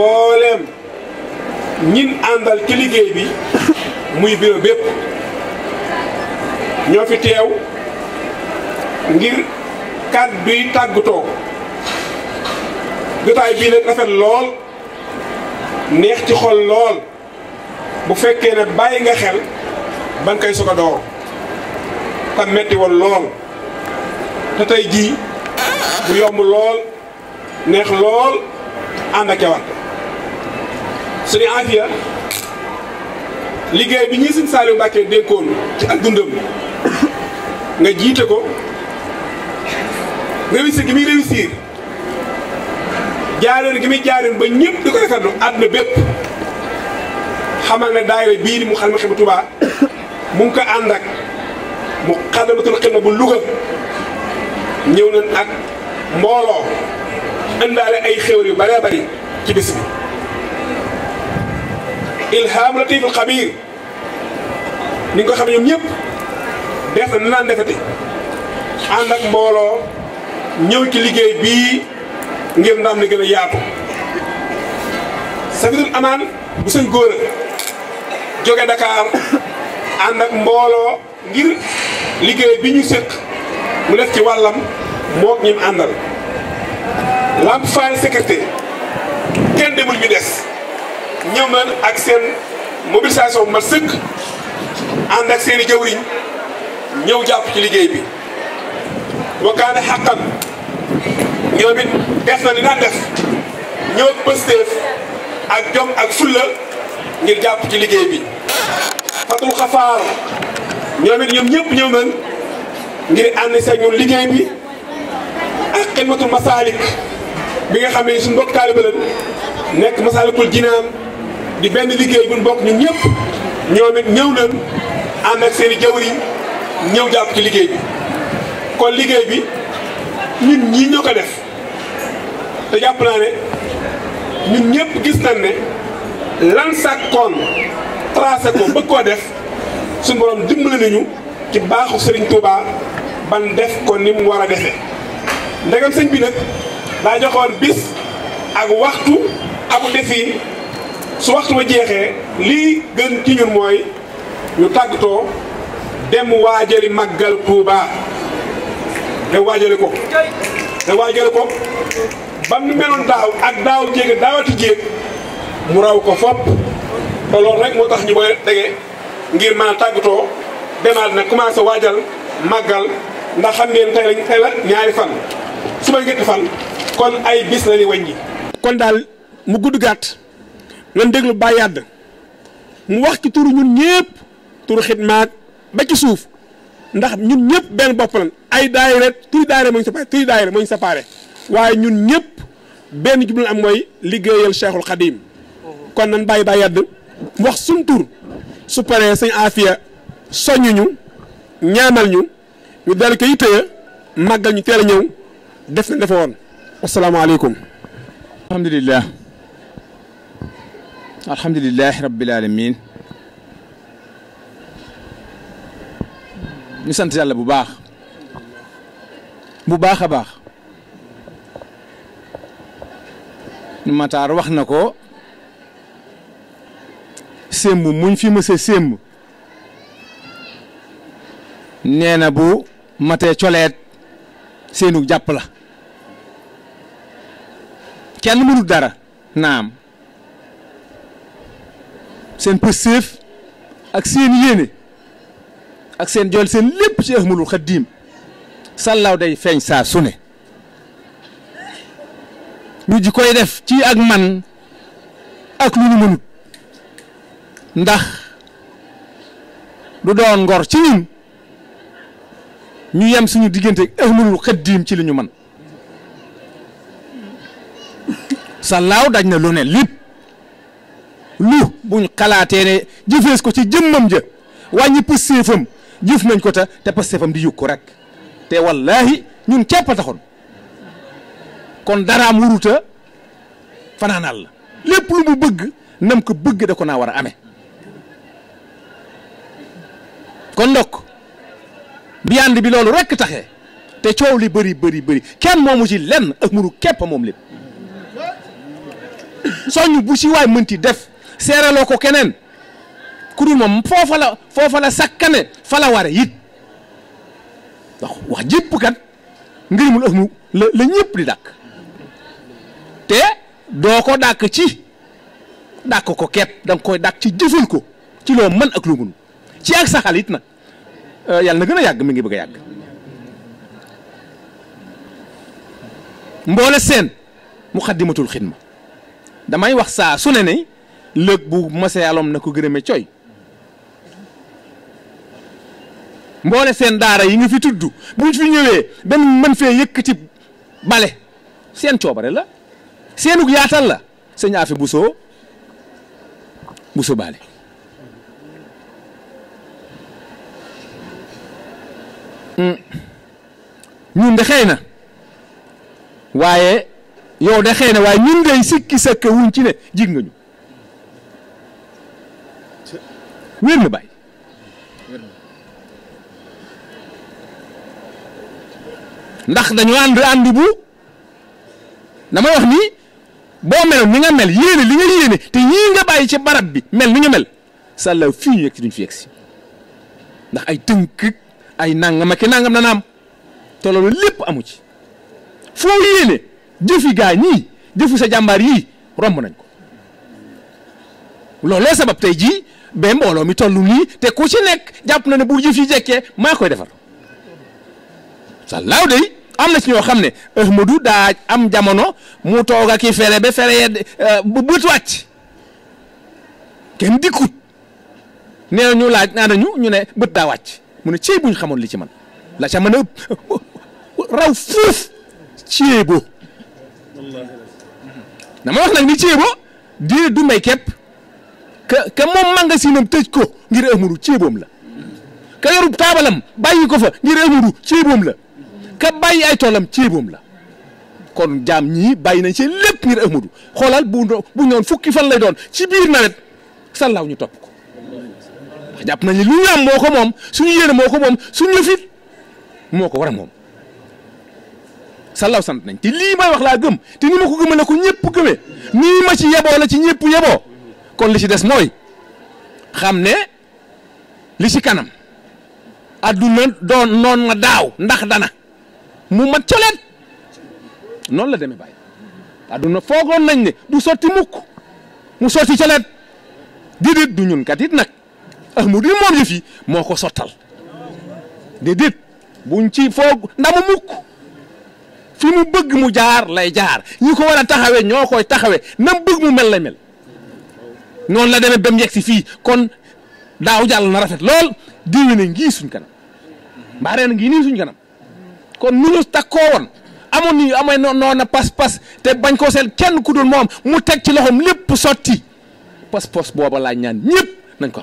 mbooleem ñin àndal ci liggéey bi muy bureau bépp ñoo fi teew ngir kàddu yi tàggatoo jotaay bii ne rafet lool neex ci xol lool bu fekkee ne bàyyi nga xel ba nga koy soog te metti woon lool te tey jii bu yomb lool neex lool ànd ak cawarte suñu Afia liggéey bi ñii Sëñ Saliou Mbacké dénkoon ci ak dundam nga jiite ko réussir gi muy réussir jaaroon gi muy jaaroon ba ñëpp di ko rafetlu àdduna bépp xamal ne daayira bii ni mu xalma xima Touba mu ngi ko ànd ak mu xadamatul xidma bu Louga ñëw nañ ak mbooloo indaale ay xéwal yu bëree bëri ci bis ilham latif al xabir niñ nga ko xam ñoom ñëpp def na naan defati ànd ak mbooloo ñëw ci liggéey bii ngir ndam li gën a yaatu Safiinatul Amaan bu sëñ góor a jóge ànd ak mbooloo ngir liggéey bi ñu sëq mu def ci wàllam mook ñim àndal Lamp Fall sécurité kenn demul ñu des ñëw nañ ak seen mobilisation bu mat sëkk ànd ak seen i jawriñ ñëw jàpp ci liggéey bi wakkaane xàqan ñoom it na li def ñëw ak pësteef ak jom ak fulla ngir jàpp ci liggéey bi fatul xafaar ñoom ñoom ñëpp ñëw nañ ngir ànd seen liggéey bi ak xidmatul masaalik bi nga xam ne suñu mbokk taalibe la nekk masaalikul jinaan di benn liggéey buñ bokk ñu ñëpp ñoom it ñëw nañ ànd ak seen ñëw jàpp ci liggéey bi kon liggéey bi nit ñii ñoo ko def te jàpp naa ne ñun ñëpp gis nañ ne lan sàkkoon tracé ko bëgg koo def su borom dimbali nañu ci baaxu Serigne Touba ban def ko ni mu war a defee ndegam sëñ bi nag daa joxoon bis ak waxtu ak defi su waxtu ba jeexee lii gën ci mooy ñu tàggatoo dem waajali màggal Tuuba dem waajali ko dem waajali ko bam ni meloon daaw ak daaw jéeg daawati jéeg mu raw ko fopp te loolu rek moo tax ñu koy dege ngir maa a tàggatoo demaat na commencé waajal màggal ndax xam ngeen tey lañ tey la ñaari fan suba ñetti fan kon ay bis la ni yi kon daal mu gudd gàtt ngeen déglu Baye Yàdd mu wax ci turu ñun ñëpp turu xidmaat ba ci suuf ndax ñun ñëpp benn bopp lan ay daayira turi daayira moo ñu séparé turi daayira moo ñu séparé waaye ñun ñëpp benn jublu am mooy liggéeyal Cheikhul Khadim kon nan bàyyi Baye Yàdd mu wax suñ su paree sëñ Afia soññuñu ñaanal ñu ñu dal koy tëye màggal ñu teel a ñëw def na defe woon asalaamaaleykum alhamdulilah alhamdulilahi rabbil alamin ñu sant yàlla bu baax bu baax a baax Matar wax na ko sémb muñ fi mësa sémb nee na bu matee coleet seenu jàpp la kenn mënut dara naam seen pëstéef ak seen yéene ak seen jol seen lépp ci Ahmadul Xaddiim sàllaaw day feeñ saa su ne ñu ji koy def ci ak man ak lu ñu mënut ndax du doon ngor ci ñu yem suñu diggante ak Ahmadul Xaddiim ci li ñu man sàllaaw daj na lu ne lépp lu buñ xalaatee ne jëfees ko ci jëmmam ja wàññi pëstéefam jëf nañ ko ta te pëstéefam di ko rek te wallahi ñun képp taxoon kon daraam wuruta fanaanal la lépp lu mu bëgg nam ko bëgg da ko naa war a amee kon ndokk biyand bi loolu rek taxe te coow li bëri bëri bëri kenn moomu ci lenn ak muru képp moom lépp soññ bu ci waay mënti def seeraloo ko keneen ku dul moom foofa la foofa la sakkane fa la ware it ndax wax jëpp kan ngërimul ëx la la di dàkk te doo ko dàkk ci dàkk ko kepp da nga koy dàkk ci jëfal ko ci loo man ak lu mun ci ak saxal it nag euh, yàlla na gën a yàgg mu ngi bëgg a yàgg mboole seen muxaddimatul xidma damay wax saa sune ne ne lëg bu masayalom na ko gërëme coy mboole seen daara yi nga fi tudd buñ fi ñëwee benn mën fee yëkkati bale seen coobare la seenug yaatal la sëñ Afi Bousso Bousso Bale hmm. ñun na waaye yow de xëy na waaye ñun de sikki sëkk wuñ ci ne jig nga ñu wér na bàyyi. ndax dañoo ànd ànd bu damay wax nii boo meloon ni nga mel yéene li nga yéene te yii nga bàyyi ci barab bi mel ni ñu mel sàllaaw fii ñu yegg si duñ fi yegg ndax ay tënk ay nangam ak i nangam dana am te lépp amu ci foo yéene jëfi gaa ñii jëfi sa jàmbaar yii romb nañ ko looloo sabab tey jii. ba mbooloo mi toll nii te ku ci nekk jàpp na ne bu jëf yi jekkee maa koy defar salaaw day am na ci ñoo xam ne Ahmadu daa am jamono mu toog ak i fere ba fere yedd euh, bët wàcc kenn dikkut nee ñu laaj naa nañu ñu ne bët daa wàcc mu ne cey buñ xamoon li ci man la ca mën a raw fuuf ceebo na ma wax nag ni ceebo di du mbay képp ka ka moom magasinam tëj ko ngir amuru ceeboom la ka yorub taabalam bàyyi ko fa ngir amuru ceeboom la ka bàyyi ay toolam ceeboom la kon jaam ñii bàyyi nañ ci lépp ngir amuru xoolal bu bu ñoon fukki fan lay doon ci biir nawet sallaaw ñu topp ko ndax jàpp nañ lu ñu am moo ko moom suñu yéene moo ko moom suñu yëfit moo ko war a moom sallaaw sant nañ te lii may wax laa gëm te ni ma ko gëmale ko ñëpp gëmee nii ma ci yeboo la ci ñëpp yeboo kon li ci des mooy xam ne li ci kanam adduna doon noon na daaw ndax dana mu mat coleet noonu la demee bàyyi adduna foogoon nañ ne du sotti mukk mu sotti coleet déedéet du ñun kat it nag ahmadu moom yëf fi moo ko sottal déedéet buñ ci foog ndamu mukk fi mu bëgg mu jaar lay jaar ñi ko war a taxawee ñoo koy taxawee nam bëgg mu mel la mel noonu la demee ba mu si fii kon daaw jàll na rafet lool diwéne ngii suñ kanam mbaa reen ngi nii suñ kanam kon nu ñu takkoo woon amoon nañu amee noon na pas-pas te bañ koo seel kenn ku dul moom mu teg ci loxoom lépp sotti pas-pas booba laa ñaan ñëpp nañ ko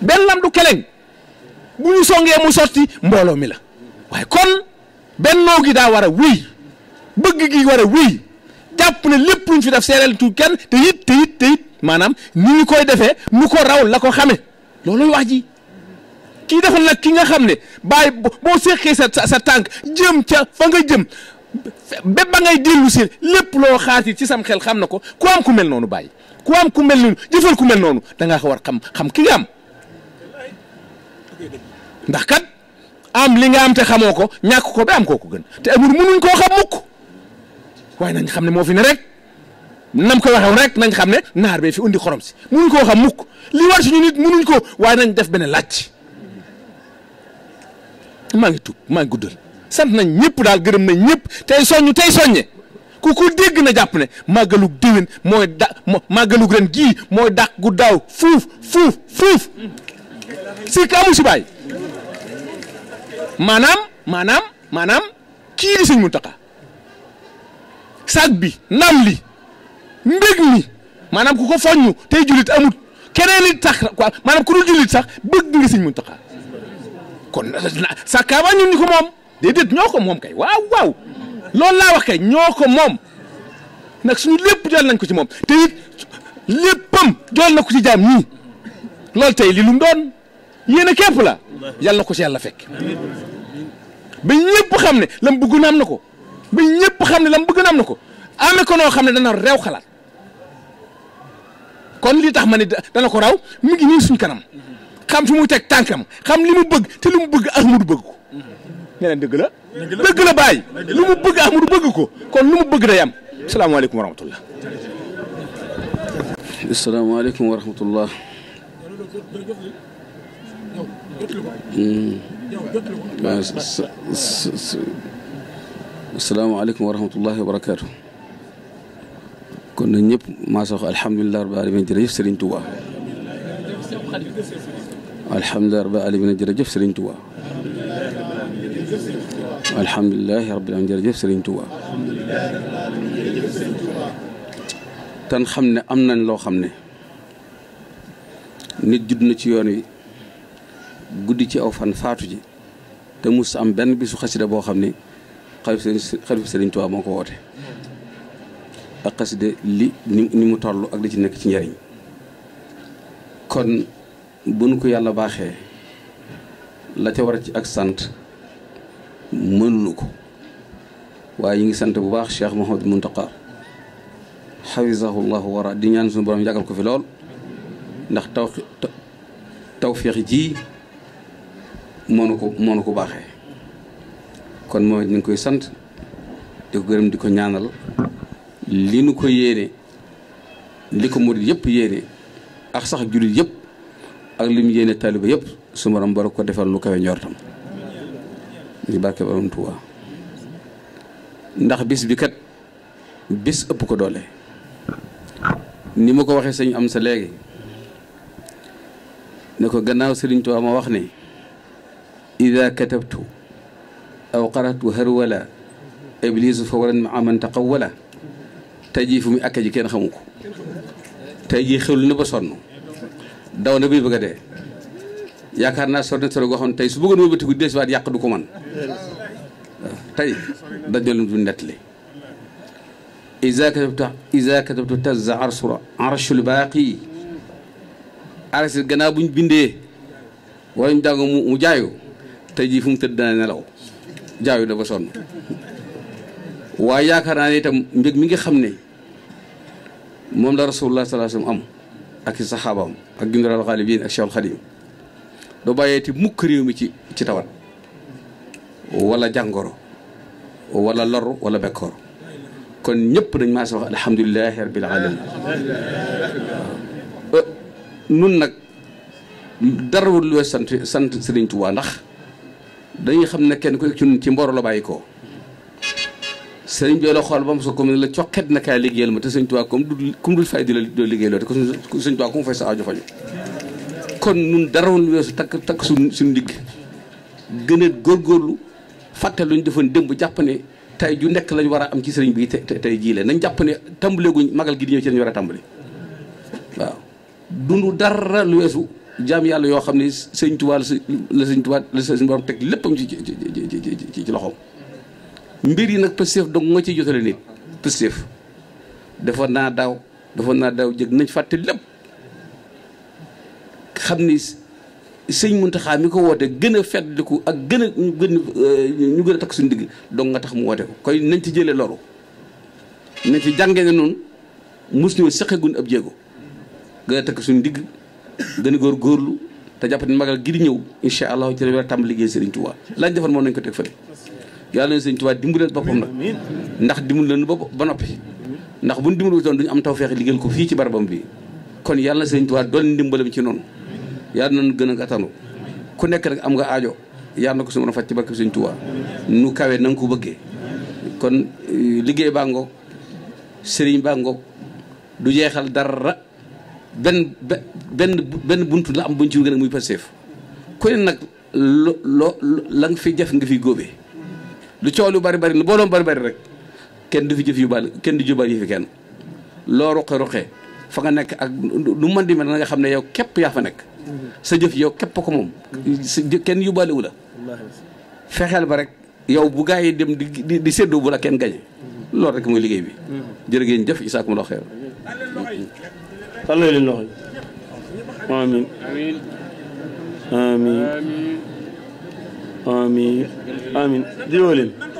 benn lam du keleñ bu ñu songee mu sotti mbooloo mi la waaye kon bennoo gi daa war a wuy bëgg gi war a wuy jàpp ne lépp luñ fi def seereel tu kenn te it te it te it maanaam ni ñu koy defee nu ko raw la ko xamee looluy wax ji kii defal nag ki nga xam ne bàyyi boo seqee sa sa tànk jëm ca fa nga jëm ba ba ngay dellu si lépp loo xaati ci sam xel xam na ko ku am ku mel noonu baay ku am ku mel noonu jëfal ku mel noonu da ngaa ko war xam xam ki nga am ndax kat am li nga am te xamoo ko ñàkk ko ba am koo ko gën te amul munuñ koo xam mukk waaye nañ xam ne moo fi ne rek nam ko waxee rek nañ xam ne naar bee fi undi xorom si munuñ koo xam mukk li war suñu nit munuñ ko waaye nañ def bene laaj maa ngi tuub maa ngi guddal sant nañ ñëpp daal gërëm nañ ñëpp tey soññ tey soññe ku ko dégg na jàpp ne màggalug déwén mooy da màggalug ren gii mooy dàq gu daaw fuuf fuuf fuuf si kaamu si bàyyi maanaam maanaam maanaam kii di sëñ Muntaxa sag bi nam li mbég mi maanaam ku ko foññu tey jullit amut keneen it tax quoi maanaam ku dul jullit sax bëgg nga sëñ Muntaxa kon sàkkaaba ñun ñu ko moom déedéet ñoo ko moom kay waaw waaw loolu laa wax ñoo ko moom nag suñu lépp jool nañ ko ci moom te it léppam jool na ko ci jaam ñii loolu tey li lu mu doon yéen a képp la yàlla na ko ci yàlla fekk ba ñëpp xam ne lam bëgg na am na ko ba ñëpp xam ne la mu bëgg na am na ko amee ko noo xam ne dana reew xalaat kon li tax ma ne dana ko raw mu ngi nii suñ kanam xam fi muy teg tànkam xam li mu bëgg te li mu bëgg Ahmadou bëgg ko ne leen dëgg la dëgg la bàyyi bëgg ko kon lu mu bëgg day am salaamaaleykum wa rahmatullah asalaamaaleykum wa rahmatullah asalaamaaleykum wa rahmatullahi wa barakaatu. kon nañ ñëpp maa sox alhamdulilah rabbil alamin jërëjëf Serigne Touba. alhamdulilah rabbil alamin jërëjëf tan xam ne am nañ loo xam ne. nit judd ci yoon wi guddi ci aw fan faatu ji te mus am benn bisu xasida boo xam ne. xalif Sëriñ Tuubaa moo ko woote ak xasida li mu toll ak li ci nekk ci njariñ kon bu ko yàlla baaxee la ca ci ak sant mënunu ko waaye ñu ngi sant bu baax Cheikh Mouhamadou Mountakha xafisahullahu wara di ñaan suñu borom yàggal ko fi lool ndax taw tawféex ji moo nu ko moo nu ko baaxee kon moom it ñu ngi koy sant di ko gërëm di ko ñaanal li nu ko yéene li ko murit yëpp yéene ak sax jullit yëpp ak li mu yéene taaliba yëpp su borom bara ko defal lu kawe njortam ñu barke borom Tuubaa ndax bis bi kat bis ëpp ko doole ni ma ko waxee sëñ am sa léegi ne ko gannaaw sëriñ Tuubaa ma wax ne ida katabtu aw qaratu harwala iblisu fa waran ma aman taqawala tey jii fu muy àkkee ji kenn xamu ko tey jii xewlu na ba sonn daw na bii bëgg a dee yaakaar naa sonn sore goo xam tey su bëggoon wëlbatiku desuwaat yàq du ko man tey dañu leen du nettali isa katabtu isa katabtu tazza arsura arshul baaqi arsi gannaaw buñ bindee wala ñu jàng mu jaayu tey jii fu mu tëdd dana nelaw jaayu na ba waa yaakaar naa ne itam mbég mi nga xam ne moom la rasulullah sallallahu alayhi wasallam am ak i saxaabaam ak gindiral xaalibin ak bàyyeeti mukk réew mi ci ci tawat wala jàngoro wala lor wala bekkoor kon ñëpp dañ maa si wax alhamdulilahi rabbil alamin euh, nun nag dara lu sant sant Sëriñ Tuubaa ndax dañuy xam ne kenn ku ci ñun ci mboro la bàyyi ko sëriñ bee la xool ba mu soog comme la coqet na kaay liggéeyal ma te sëñ Tuubaa comme du comme dul fay di la doo liggéey te sëñ Tuubaa ku mu sa aajo faju kon nun dara woon weesu takk takk suñ suñu digg gën a lu fàtte luñ defoon démb jàpp ne tey ju nekk lañ war a am ci sëriñ bi te tey jii la nañ jàpp ne tàmbaleeguñ magal gi di ñëw ci lañ war a tàmbali waaw dundu dara lu weesu jaam yàlla yoo xam ne sëñ Tuubaa la sëñ Tuubaa la sëñ borom teg léppam ci ci ci ci loxoom. mbir yi nag pësteef dong nga ci jotale nit pësteef dafa naa daaw dafa naa daaw jëg nañ fàtte lépp xam ni sëñ Muntaxa mi ko woote gën a fetliku ak gën a ñu gën euh, ñu gën a takk suñu digg dong nga tax mu woote ko koy nañ ci jëlee loru nañ ci jàngee ne noonu mos ñoo seqeegun ab jéego gën a takk suñu digg. dana góor góorlu te jàpp ni magal gi di ñëw incha allah ci la war a tàmbali liggéey Serigne Touba lañ defoon moom nañ ko teg fële yàlla na Serigne Touba dimbaleel boppam nag ndax dimbal leen ba ba noppi ndax buñ dimbalu toon duñu am tawfeex liggéeyal ko fii ci barabam bi kon yàlla na Serigne Touba dool ndimbalam ci noonu yàlla nañ gën a gàttanu ku nekk rek am nga ajo yàlla na ko su mën a faj ci barke Serigne Touba nu kawee na nga ko bëggee kon euh, liggéey baa ngoog Serigne baa ngoog du jeexal dara benn benn benn buntu la am buñ ci gën a muy Pastef ku ne nag lo lo la nga fi jëf nga fi góobee lu coow lu bari bari boo booloom bari bari rek kenn du fi jëf yu bari kenn du jubal yi fi kenn loo roqe-roqe fa nga nekk ak lu man di mel na nga xam ne yow képp yaa fa nekk sa jëf yow képp ko moom kenn yóbbaale wu la fexeel ba rek yow bu gaa yi dem di di séddoo bu la kenn gañe loolu rek mooy liggéey bi mm-hmm. jërë ngeen jëf isaakum la xeer tàllal leen loxo yi amin amin amin amin di leen